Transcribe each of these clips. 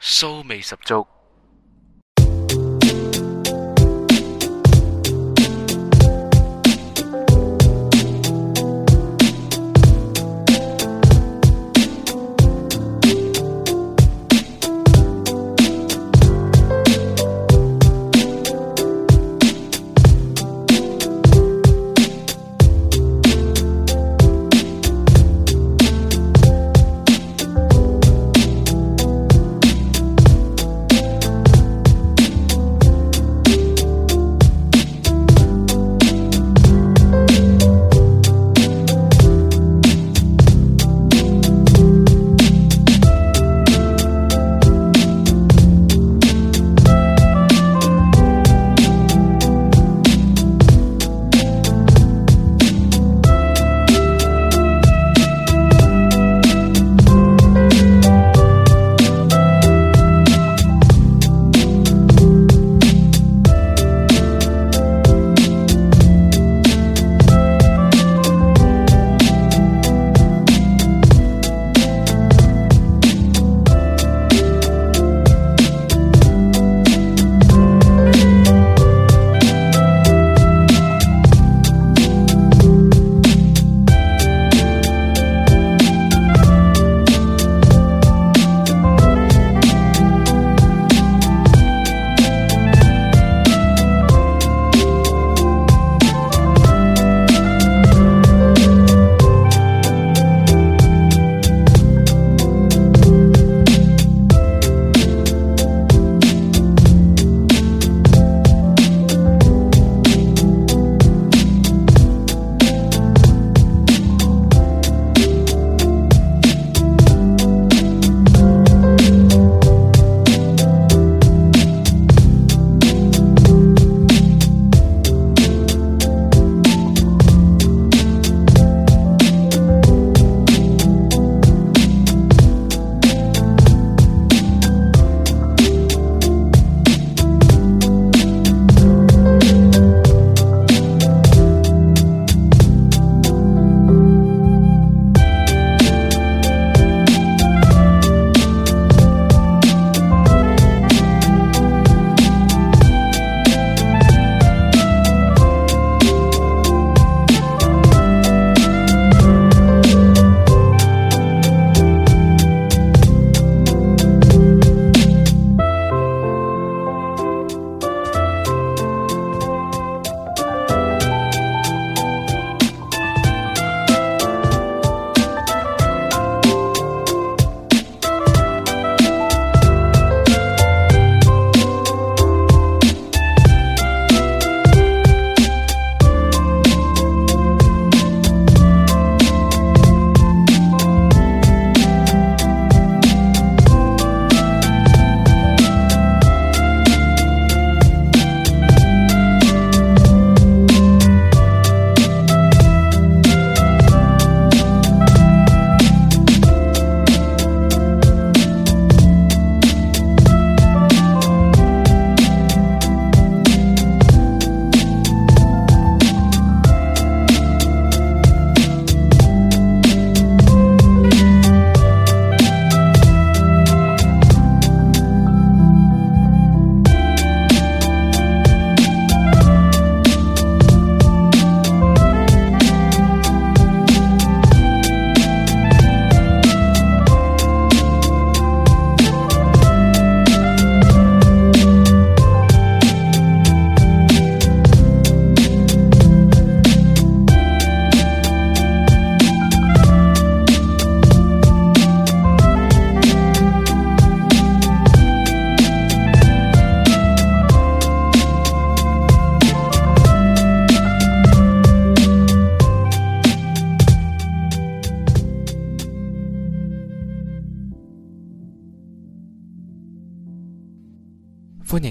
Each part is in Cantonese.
酥味十足。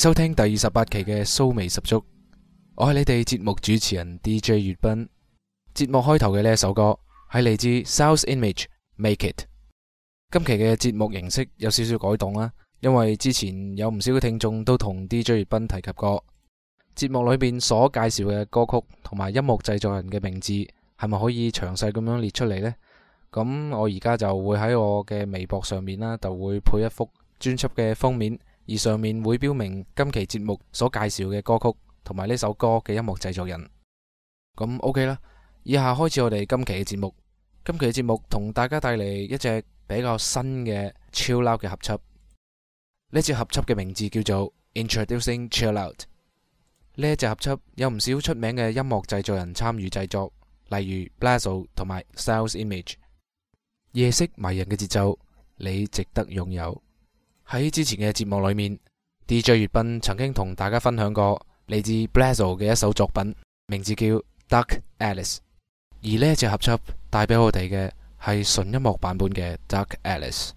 收聽第二十八期嘅蘇味十足，我係你哋節目主持人 D J 月斌。節目開頭嘅呢一首歌係嚟自 South Image Make It。今期嘅節目形式有少少改動啦，因為之前有唔少嘅聽眾都同 D J 月斌提及過，節目裏邊所介紹嘅歌曲同埋音樂製作人嘅名字係咪可以詳細咁樣列出嚟呢？咁我而家就會喺我嘅微博上面啦，就會配一幅專輯嘅封面。而上面會標明今期節目所介紹嘅歌曲同埋呢首歌嘅音樂製作人。咁 OK 啦，以下開始我哋今期嘅節目。今期嘅節目同大家帶嚟一隻比較新嘅 Chill Out 嘅合輯。呢隻合輯嘅名字叫做 Introducing Chill Out。呢一隻合輯有唔少出名嘅音樂製作人參與製作，例如 Blazo 同埋 Sales Image。夜色迷人嘅節奏，你值得擁有。喺之前嘅節目裏面，DJ 月斌曾經同大家分享過嚟自 Blazo 嘅一首作品，名字叫《Duck Alice》。而呢一隻合輯帶俾我哋嘅係純音樂版本嘅《Duck Alice》。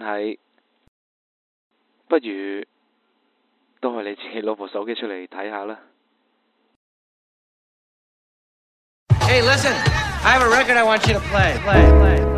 係，不如都係你自己攞部手機出嚟睇下啦。Hey, listen. I have a record I want you to play. Play, play.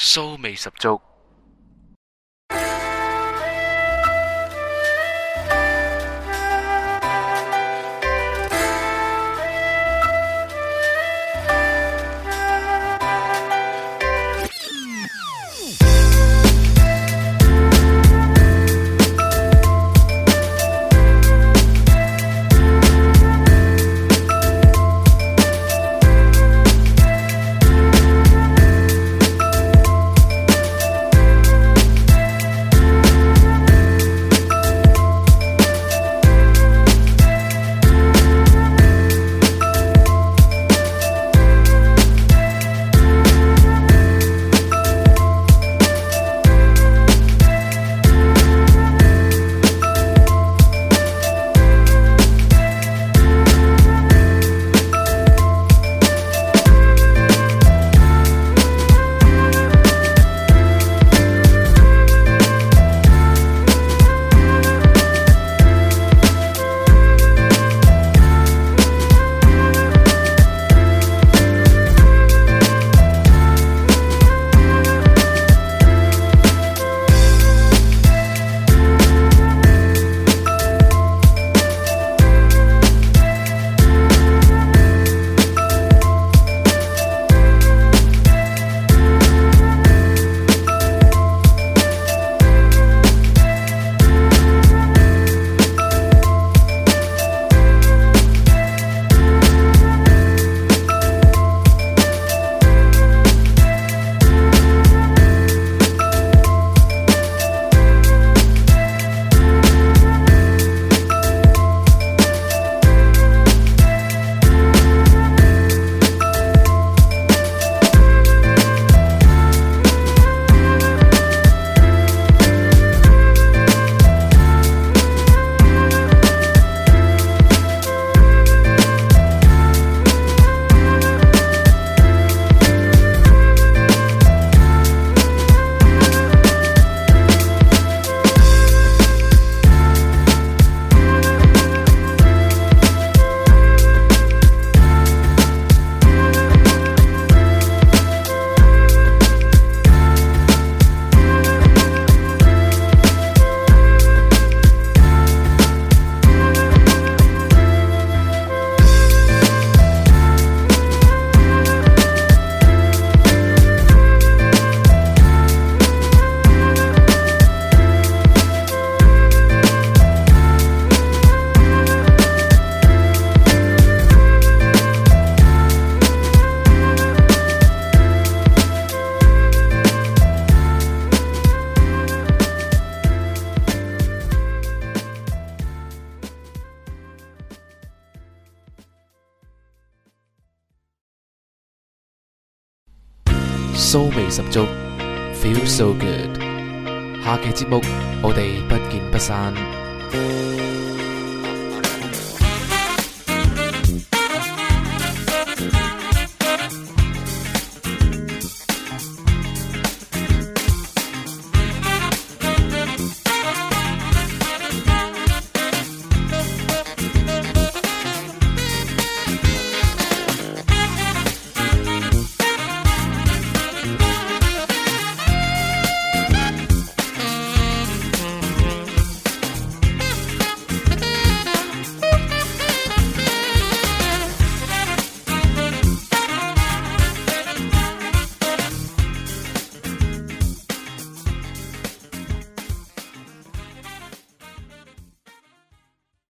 酥味十足。下期節目，我哋不見不散。